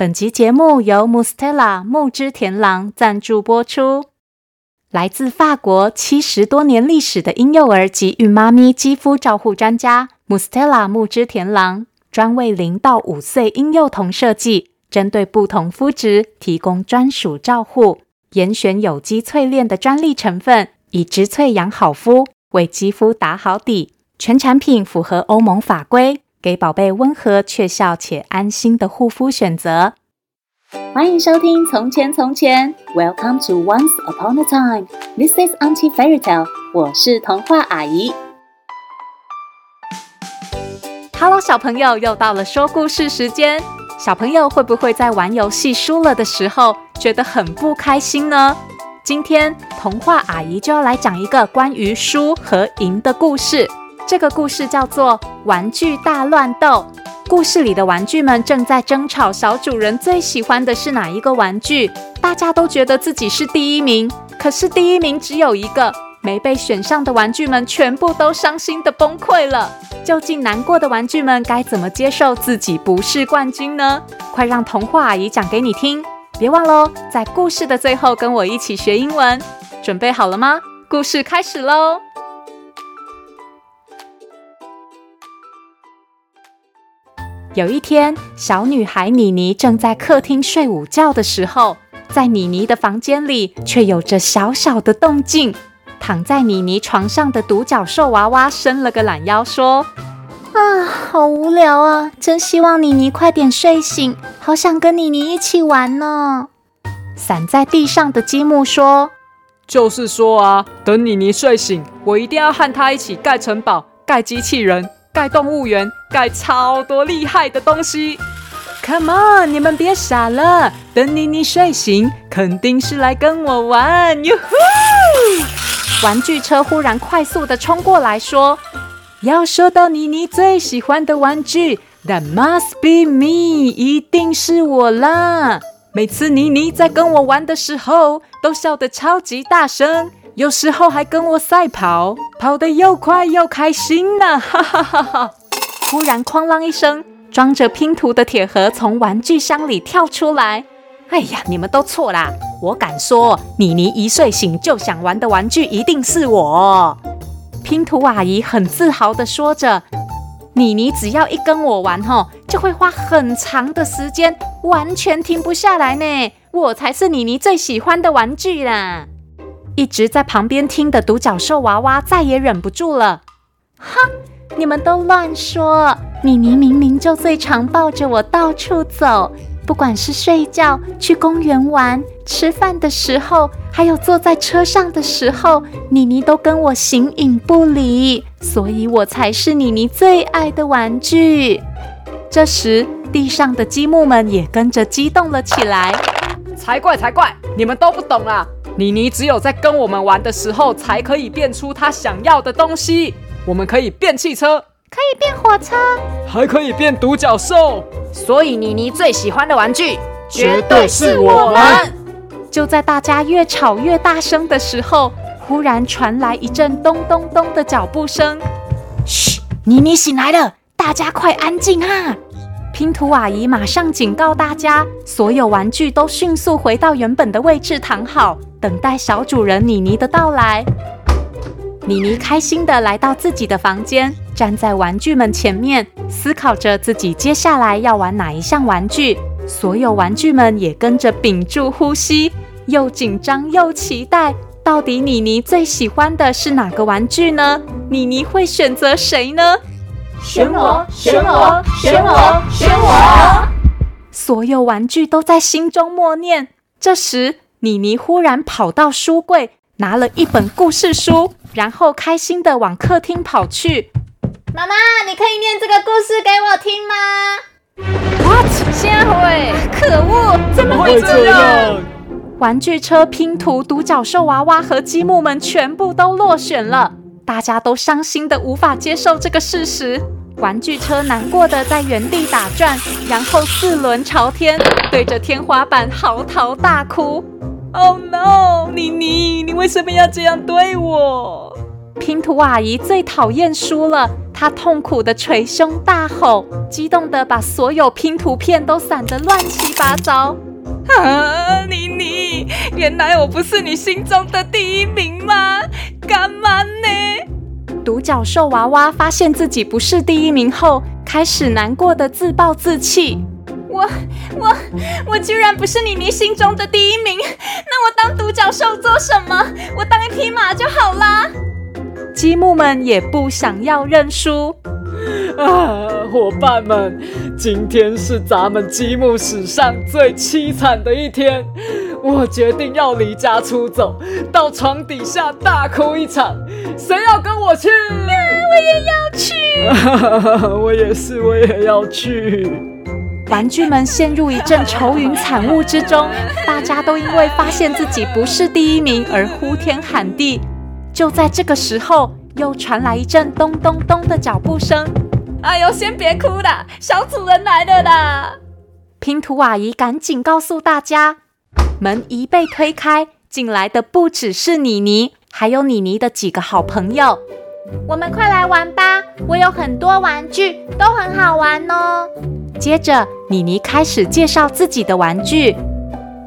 本集節目由 Mustela 慕之恬廊贊助播出。來自法國七十多年歷史的嬰幼兒及孕媽咪肌膚照護專家 Mustela 慕之恬廊，專為零到五歲嬰幼童設計，針對不同膚質提供專屬照護，嚴選有機萃煉的專利成分，以植萃養好膚，為肌膚打好底。全產品符合歐盟法規。給寶貝溫和確效且安心的護膚選擇。歡迎收聽《從前從前》，Welcome to Once Upon a Time，This is Auntie Fairy Tale。我是童話阿姨。Hello，小朋友，又到了說故事時間。小朋友會不會在玩遊戲輸了的時候覺得很不開心呢？今天童話阿姨就要來講一個關於輸和贏的故事。這個故事叫做《玩具大亂鬥》。故事裡的玩具們正在爭吵，小主人最喜歡的是哪一個玩具？大家都覺得自己是第一名，可是第一名只有一個，沒被選上的玩具們全部都傷心的崩潰了。究竟難過的玩具們該怎麼接受自己不是冠軍呢？快讓童話阿姨講給你聽！別忘嘍，在故事的最後跟我一起學英文。準備好了嗎？故事開始嘍！有一天，小女孩妮妮正在客廳睡午覺的時候，在妮妮的房間裡卻有着小小的動靜。躺在妮妮床上的獨角獸娃娃伸了個懶腰，說：“啊，好無聊啊，真希望妮妮快點睡醒，好想跟妮妮一起玩呢、哦。”散在地上的積木說：“就是說啊，等妮妮睡醒，我一定要和她一起蓋城堡、蓋機器人。”蓋動物園，蓋超多厲害的東西。Come on，你們別傻了，等妮妮睡醒，肯定是來跟我玩。呦呼！玩具車忽然快速的衝過來，說：“要說到妮妮最喜歡的玩具，That must be me，一定是我啦！每次妮妮在跟我玩的時候，都笑得超級大聲。”有時候還跟我賽跑，跑得又快又開心呢，啊，哈哈哈哈！突然哐啷一聲，裝着拼圖的鐵盒從玩具箱裡跳出來。哎呀，你們都錯啦！我敢說，妮妮一睡醒就想玩的玩具一定是我。拼圖阿姨很自豪的說着：“妮妮只要一跟我玩吼，就會花很長的時間，完全停不下來呢。我才是妮妮最喜歡的玩具啦！”一直在旁邊聽的獨角獸娃娃再也忍不住了，哼，你們都亂說！妮妮明明就最常抱着我到處走，不管是睡覺、去公園玩、吃飯的時候，還有坐在車上的時候，妮妮都跟我形影不離，所以我才是妮妮最愛的玩具。這時，地上的積木們也跟着激動了起來，才怪才怪，你們都不懂啊！妮妮只有在跟我們玩的時候，才可以變出她想要的東西。我們可以變汽車，可以變火車，還可以變獨角獸。所以妮妮最喜歡的玩具，絕對是我們。就在大家越吵越大聲的時候，忽然傳來一陣咚咚咚的腳步聲。噓，妮妮醒來了，大家快安靜啊！拼圖阿姨馬上警告大家，所有玩具都迅速回到原本的位置躺好，等待小主人妮妮的到來。妮妮開心地來到自己的房間，站在玩具們前面，思考着自己接下來要玩哪一項玩具。所有玩具們也跟着屏住呼吸，又緊張又期待。到底妮妮最喜歡的是哪個玩具呢？妮妮會選擇誰呢？選我，選我！選我，選我！所有玩具都在心中默念。這時，妮妮忽然跑到書櫃，拿了一本故事書，然後開心地往客廳跑去。媽媽，你可以念這個故事給我聽嗎？What？先會，可惡，怎麼會這樣？玩具車、拼圖、獨角獸娃娃和積木們全部都落選了，大家都傷心得無法接受這個事實。玩具車難過的在原地打轉，然後四輪朝天，對着天花板嚎啕大哭。Oh no！妮妮，你為什麼要這樣對我？拼圖阿姨最討厭輸了，她痛苦的捶胸大吼，激動的把所有拼圖片都散得亂七八糟。啊！妮妮，原來我不是你心中的第一名嗎？獨角獸娃娃發現自己不是第一名後，開始難過的自暴自棄。我、我、我居然不是你你心中的第一名，那我當獨角獸做什麼？我當一匹馬就好啦。積木們也不想要認輸。啊，夥伴們，今天是咱們積木史上最淒慘的一天。我決定要離家出走，到床底下大哭一場。誰要跟我去？啊，我也要去。啊，我也。我也是，我也要去。玩具們陷入一陣愁雲慘霧之中，大家都因為發現自己不是第一名而呼天喊地。就在這個時候，又傳來一陣咚咚咚的腳步聲。哎呦，先別哭了，小主人來了啦！拼圖阿姨趕緊告訴大家，門一被推開，進來的不只是妮妮，還有妮妮的幾個好朋友。我們快來玩吧，我有很多玩具，都很好玩哦。接着，妮妮開始介紹自己的玩具。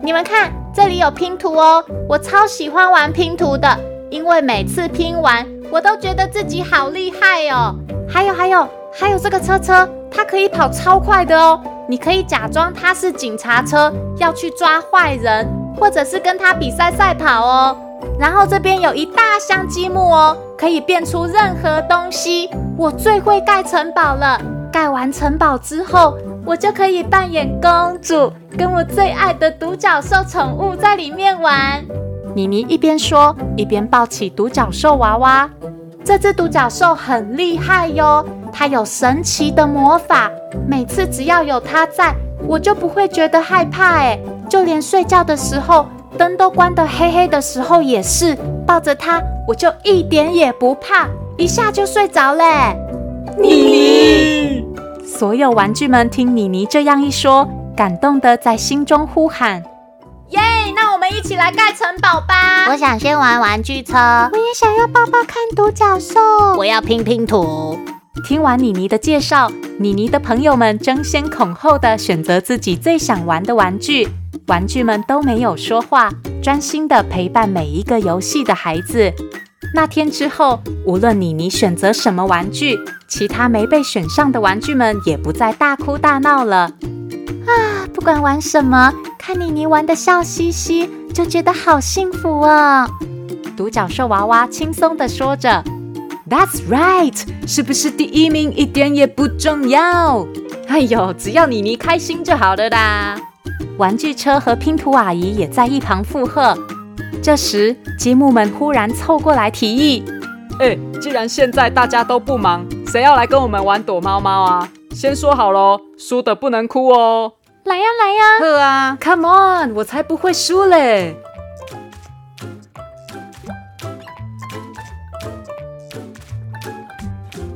你們看，這裡有拼圖哦，我超喜歡玩拼圖的，因為每次拼完，我都覺得自己好厲害哦。還有，還有，還有。還有這個車車，它可以跑超快的哦。你可以假裝它是警察車，要去抓壞人，或者是跟它比賽賽跑哦。然後這邊有一大箱積木哦，可以變出任何東西。我最會蓋城堡了，蓋完城堡之後，我就可以扮演公主，跟我最愛的獨角獸寵物在裡面玩。妮妮一邊說，一邊抱起獨角獸娃娃。這隻獨角獸很厲害喲，它有神奇的魔法，每次只要有它在，我就不會覺得害怕哎、欸，就連睡覺的時候，燈都關得黑黑的時候也是，抱着它我就一點也不怕，一下就睡着嘞。妮妮。所有玩具們聽妮妮這樣一說，感動得在心中呼喊。讓我們一起來蓋城堡吧！我想先玩玩具車，我也想要抱抱看獨角獸，我要拼拼圖。聽完妮妮的介紹，妮妮的朋友們爭先恐後的選擇自己最想玩的玩具，玩具們都沒有說話，專心的陪伴每一個遊戲的孩子。那天之後，無論妮妮選擇什麼玩具，其他沒被選上的玩具們也不再大哭大鬧了。啊，不管玩什麼，看妮妮玩得笑嘻嘻，就覺得好幸福哦。獨角獸娃娃輕鬆地說着，That's right，是不是第一名一點也不重要。哎呦，只要妮妮開心就好了啦。玩具車和拼圖阿姨也在一旁附和。這時，積木們忽然湊過來提議，誒，既然現在大家都不忙，誰要來跟我們玩躲貓貓啊？先說好囉，輸的不能哭哦！來呀、啊、來呀、啊！喝啊！Come on，我才不會輸嘞！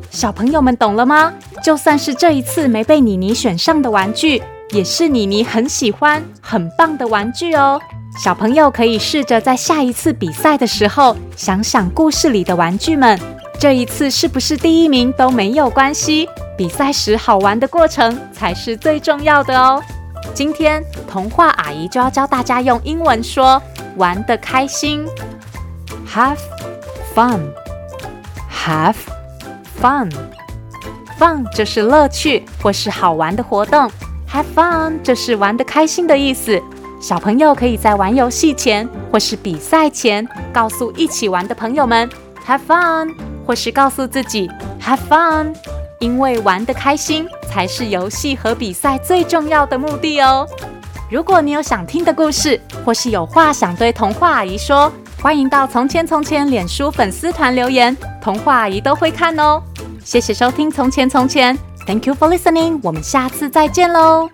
小朋友們懂了嗎？就算是這一次沒被妮妮選上的玩具，也是妮妮很喜歡、很棒的玩具哦。小朋友可以試着在下一次比賽的時候，想想故事裡的玩具們，這一次是不是第一名都沒有關係。比賽時好玩的過程才是最重要的哦。今天童話阿姨就要教大家用英文說玩得開心，Have fun，Have fun，fun 就是樂趣或是好玩的活動。Have fun 就是玩得開心的意思。小朋友可以在玩遊戲前或是比賽前告訴一起玩的朋友們 Have fun，或是告訴自己 Have fun。因為玩得開心才是遊戲和比賽最重要的目的哦。如果你有想聽的故事，或是有話想對童話阿姨說，歡迎到《從前從前》臉書粉絲團留言，童話阿姨都會看哦。謝謝收聽《從前從前》，Thank you for listening，我們下次再見嘍。